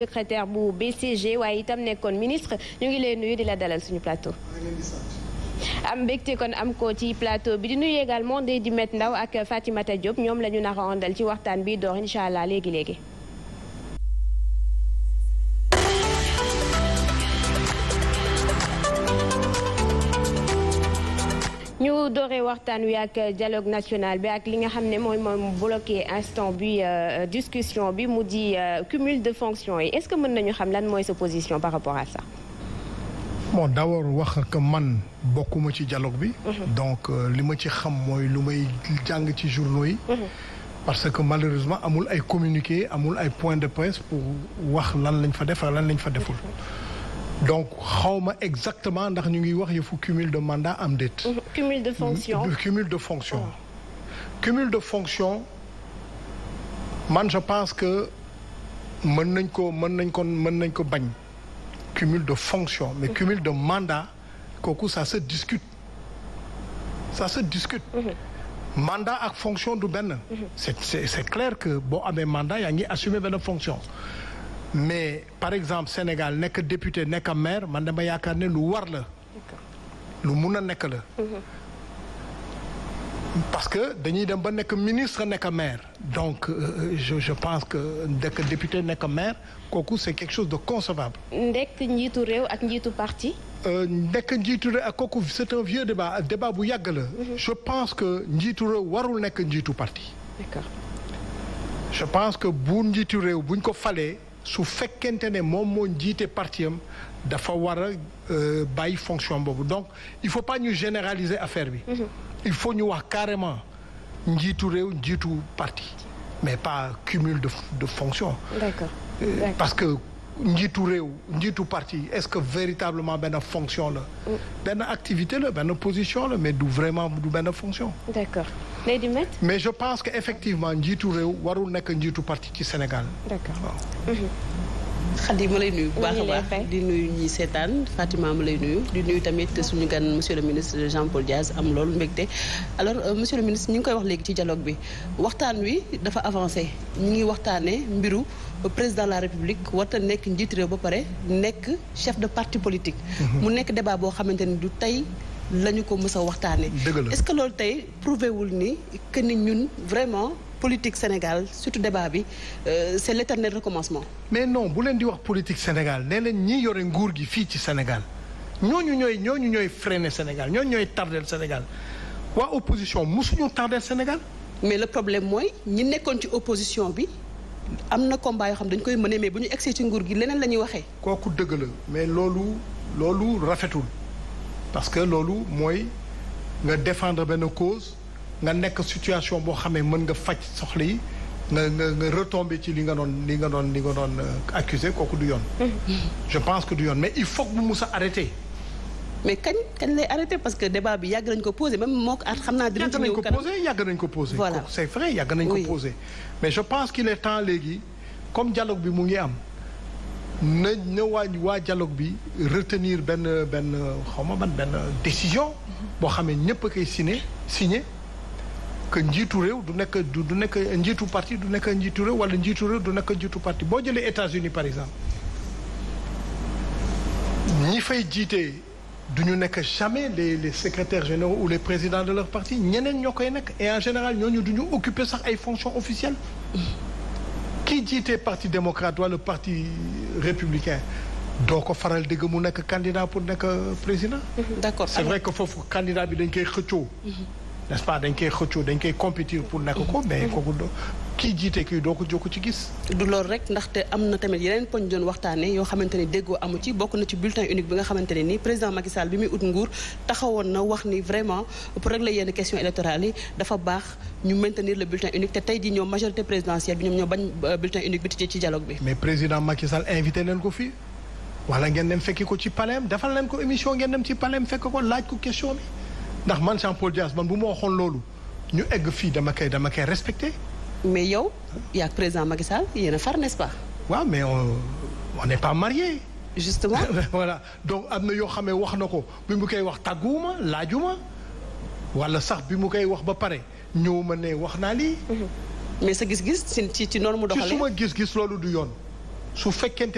secrétaire bu BCG waaye itam nekkoon ministre ñu ngi lay nuyu di la dalal suñu plateau. am mbégte kon am ko ci plateau bi di nuyu également Ndeye Dimet Ndaw ak Fatimata Diop ñoom la ñu nar a àndal ci waxtaan bi door incha allah léegi léegi. ñu dooree waxtaan wi ak dialogue national bi ak li nga xam ne mooy moom bloqué instant bi euh, discussion bi mu di euh, cumul de fonction yi est-ce que mën nañu xam lan mooy sa position par rapport à ça. wax que man bokkuma ci dialogue bi. Mhm. donc euh, li ma ci xam mooy lu may jàng ci journaux yi. Mhm. parce que malheureusement amul ay communiqué amul ay point de presse pour wax lan lañ fa def lan lañ fa deful. Mhm. donc xaw ma exactement ndax ñu ngi wax yëfu cumul de mandat am déet. Mhm. cumul de fonction cumul de fonction. Ah. cumul de fonction man je pense que mën nañ ko mën nañ ko mën nañ ko bañ. cumule de fonction mais mhm. cumul de mandat kooku ça se discute ça se discute. Mhm. mandat ak fonction du benn. c'est c'est clair que boo amee mandat yaa ngi assumer benn fonction. mais par exemple Sénégal nekk député nekk maire man dama yaakaar ne lu war la. lu mun a nekk la. Mm-hmm. parce que dañuy dem ba nekk ministre nekk maire donc euh, euh, je je pense que nekk député nekk maire kooku c'est quelque chose de consevable nekk njiitu réew ak njiitu parti. Euh, nekk njiitu réew ak kooku c'est un vieux débat débat bu yàgg la. Mm-hmm. je pense que njiitu réew warul nekk njiitu parti. je pense que bu njiitu réew buñ ko falee. su fekkente ne moom moo jiite parti dafa war a euh, bàyyi fonction boobu donc il faut pas ñu généraliser affaire bi. Mhm. il faut ñu wax carrément njiitu réew njiitu parti mais pas cumul de de fonction. Euh, parce que njiitu réew njiitu parti est-ce que véritablement benn fonction la. Mm. benn activité la benn position la mais du vraiment du benn fonction. d'accord. Lady Met mais je pense que effectivement njiitu réew warul nekk njiitu parti ci Sénégal. d'accord waaw. Khady mhm. ma lay nuyu bu baax di nuyu ñi seetaan Fatima ma lay nuyu di nuyu tamit suñu gan monsieur le ministre Jean Paul Diaz am loolu mbégte alors euh, monsieur le ministre ñu ngi koy wax léegi ci dialogue bi waxtaan wi dafa avancé ñu ngi waxtaanee mbiru président de la république warta nekk njiit réew ba pare nekk chef de parti politique mhm. mu nekk débat boo xamante ni du tey lañu ko mës a waxtaanee. est-ce que loolu tey prouvé wul ni que ni ñun vraiment politique Sénégal surtout débat bi euh, c'est l'éternel recommencement. mais non bu leen di wax politique Sénégal nee leen ñi yore nguur gi fii ci Sénégal ñooñu ñooy ñooñu ñooy freiner Sénégal ñooñu ñooy tardel Sénégal waa opposition mosuñu tardel Sénégal. mais le problème mooy ñi nekkoon ci opposition bi. am na combat yoo xam dañ koy mëne mais bu ñu egsee ci nguur gi leneen lañuy waxee. kooku dëgg la mais loolu loolu rafetul. parce que loolu mooy nga défendre benn cause nga nekk situation boo xamee mën nga faj soxla yi nga nga nga retombé ci li nga doon li nga doon li nga doon euh, accusé kooku du yoon. Mm-hmm. je pense que du yoon mais il faut que mu mus a arrêté. mais kañ kañ lay arrêté parce que bi yàgg nañ ko posé même moo ko xam naa. dinañ ci yàgg nañ ko posé yàgg nañ ko posé. voilà c'est vrai yàgg nañ ko posé. mais je pense qu'il est temps léegi comme dialogue bi mu ngi am. na na waa waa dialogue bi retenir benn benn xawma ma ban benn décision boo xamee ñëpp a koy signé signé que njiitu réew du nekk du nekk njiitu parti du nekk njiitu réew wala njiitu réew du nekk njiitu parti boo jëlee États-Unis par exemple ñi fay jiitee du ñu nekk jamais les les secrétaires généraux ou les présidents de leur parti ñeneen ñoo koy nekk et en général ñooñu du ñu occuper sax ay fonctions officielles ki jiitee parti démocrate wala parti républicain doo ko faral dégg mu nekk candidat pour nekk président. d'accord c'est vrai que foofu candidat bi dañ koy xëccoo. Mhm. n'est-ce pas dañ koy xëccoo dañ koy compétir pour nekk ko mais kooku kii jiite kii doo ko jokk ci gis. du loolu rek ndaxte am na tamit yeneen poñ doon waxtaanee yoo xamante ni déggoo amu ci bokk na ci bulletin unique bi nga xamante ne ni président Macky Sall bi muy ut nguur taxawoon na wax ni vraiment pour régler yenn questions électorales yi dafa baax ñu maintenir le bulletin unique te tey ji ñoom majorité présidentielle bi ñoom ñoo bañ euh, bulletin unique bi tijjee ci dialogue bi. mais leen ko fii wala ngeen ko ci palais defal leen ko émission ngeen dem ci palais ndax man Jean Paul Dias man bu ma waxoon loolu ñu egg fii dama koy dama koy respecté. mais yow yaa ak président Macky Sall yéen a far nest pas. waaw mais on ne n'est pas mariés. justement voilà donc am na yoo xam ne wax na ko bi mu koy wax tàgguwuma laajuma wala sax bi mu koy wax ba pare ñëw ma ne wax naa lii. Mm-hmm. mais sa gis-gis ci ci noonu mu doxalee. ci suma gis-gis loolu du yoon su fekkente.